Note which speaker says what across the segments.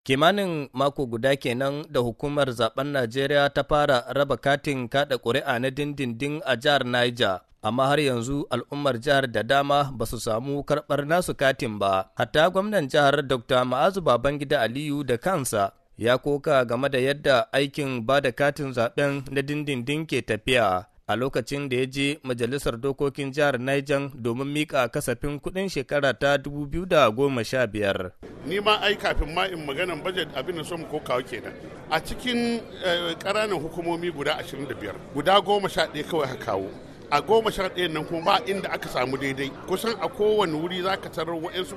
Speaker 1: Kimanin mako guda kenan da hukumar zaben Najeriya ta fara raba katin kada ƙuri'a na dindindin a jihar Niger, amma har yanzu al'ummar jihar da dama ba su samu karɓar nasu katin ba. Hatta gwamnan jihar Dr. Ma'azu Babangida Aliyu da kansa ya koka game da yadda aikin ba da katin zaben na dindindin ke tafiya. a lokacin da ya je majalisar dokokin jihar Niger domin mika kasafin kuɗin shekara ta 2015.
Speaker 2: ni ma ai kafin ma in maganan bajet abin da mu ko kawo kenan a cikin eh, ƙananan hukumomi guda 25 guda goma sha kawai ka kawo a goma sha nan kuma ba inda aka samu daidai kusan a kowane wuri za ka tarar wa'yansu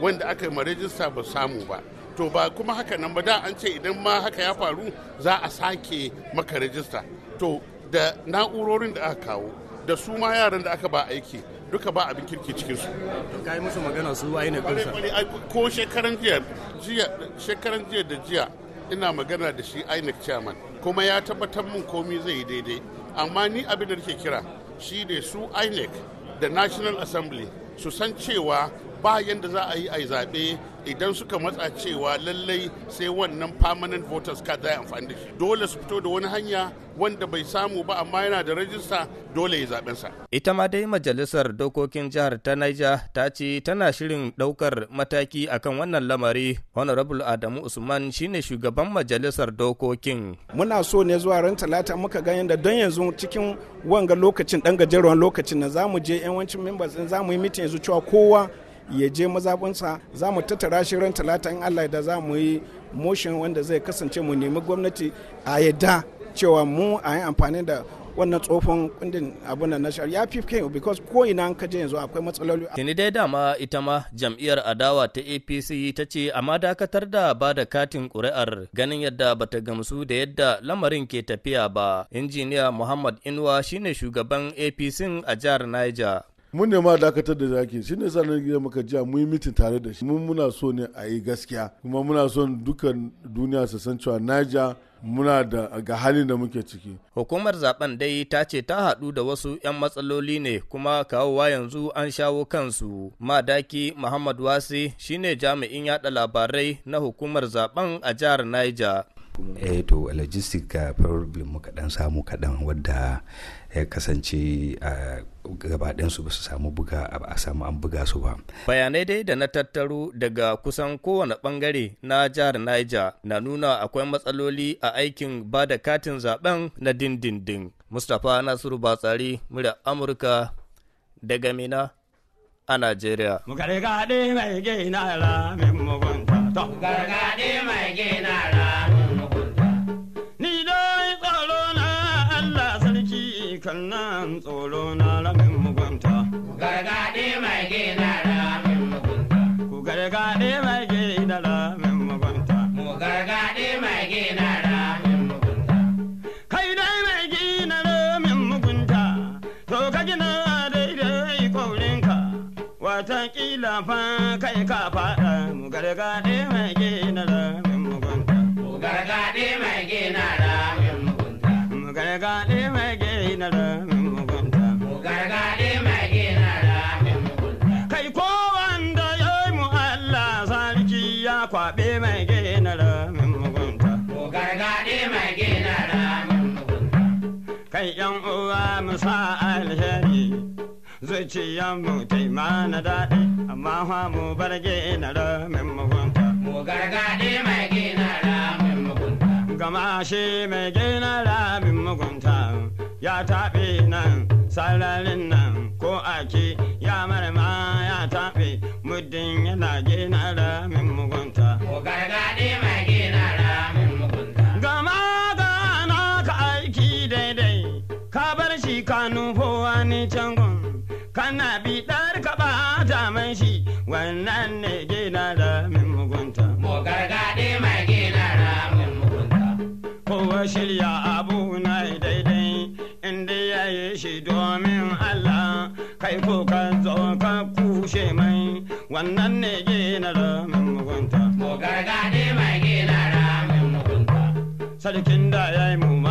Speaker 2: wanda aka yi ma rajista ba samu ba to ba kuma haka nan ba da an ce idan ma haka ya faru za a sake maka rajista to da na'urorin da aka kawo da su ma yaran da aka ba aiki duka ba abin kirki cikin su to kai musu magana su wai ne kansa ko shekaran jiya jiya shekaran jiya da jiya ina magana da shi INEC chairman kuma ya tabbatar min komai zai yi daidai amma ni abin da nake kira shi ne su INEC da National Assembly su san cewa ba yadda za a yi a zaɓe idan suka matsa cewa lallai sai wannan permanent voters card za amfani da shi dole su fito da wani hanya wanda bai samu ba amma yana da rajista dole ya zaɓen sa.
Speaker 1: ita ma dai majalisar dokokin jihar ta niger ta ce tana shirin ɗaukar mataki akan wannan lamari honorable adamu usman shine shugaban majalisar dokokin.
Speaker 3: muna so ne zuwa ran talata muka ga yadda don yanzu cikin wanga lokacin ɗan gajeren lokacin na zamu je yawancin members za zamu yi mitin yanzu cewa kowa ya je mazabinsa za mu tattara shi ran talata in allah da za mu yi motion wanda zai kasance mu nemi gwamnati a yadda cewa mu a yi amfani da wannan tsofin kundin abun na na ya fi kai because ko ina ka je yanzu akwai matsaloli
Speaker 1: tuni dai dama ita ma jam'iyyar adawa ta APC ta ce amma dakatar da ba da katin ƙuri'ar ganin yadda bata gamsu da yadda lamarin ke tafiya ba injiniya Muhammad Inuwa shine shugaban APC a jihar Niger
Speaker 2: mun ne ma dakatar da zaki shi ne sanar gida muka jiya mun yi mitin tare da shi mun muna so ne a yi gaskiya kuma muna son dukkan duniya su san cewa naja muna da ga halin da muke ciki.
Speaker 1: Hukumar zaben dai ta ce ta haɗu da wasu 'yan matsaloli ne kuma kawowa yanzu an shawo kansu. Madaki Muhammad Wasi shine jami'in yada labarai na hukumar zaben a jihar Niger. eh to logistic problem muka dan samu kaɗan wadda ya kasance ah, Gabaɗansu ba su samu buga a samu an buga su ba. Bayanai dai da na tattaro daga kusan kowane ɓangare na jihar Niger na nuna akwai matsaloli a aikin ba da katin zaben na dindindin. Mustapha Nasiru Batsari, murya Amurka daga Mina a Najeriya.
Speaker 3: Gargaɗe mai gina ra mai mugunta. Gargaɗe mai gina ra fa kai ka faɗa mu gargaɗe mai gina sarki ya kwaɓe mai Kai ƴan uwa mu sa alheri daɗi. amma fa mu bar gina ra min mugunta. Mu gargaɗe mai
Speaker 4: gina ra min mugunta.
Speaker 3: Gama shi mai gina ra min mugunta ya taɓe nan sararin nan ko ake ya marma ya taɓe muddin yana gina ra min mugunta.
Speaker 4: Mu gargaɗe mai gina ra min mugunta.
Speaker 3: Gama gana ka aiki daidai ka bar shi ka nufo wani can kana bi daman shi wannan ne gina da min mugunta. Mo gargaɗe mai gina
Speaker 4: da min mugunta.
Speaker 3: Kowa shirya abu na daidai inda ya yi shi domin Allah kai ko ka zo ka kushe mai wannan ne gina da min mugunta. Mo gargaɗe mai
Speaker 4: gina da min mugunta.
Speaker 3: Sarkin da ya yi mu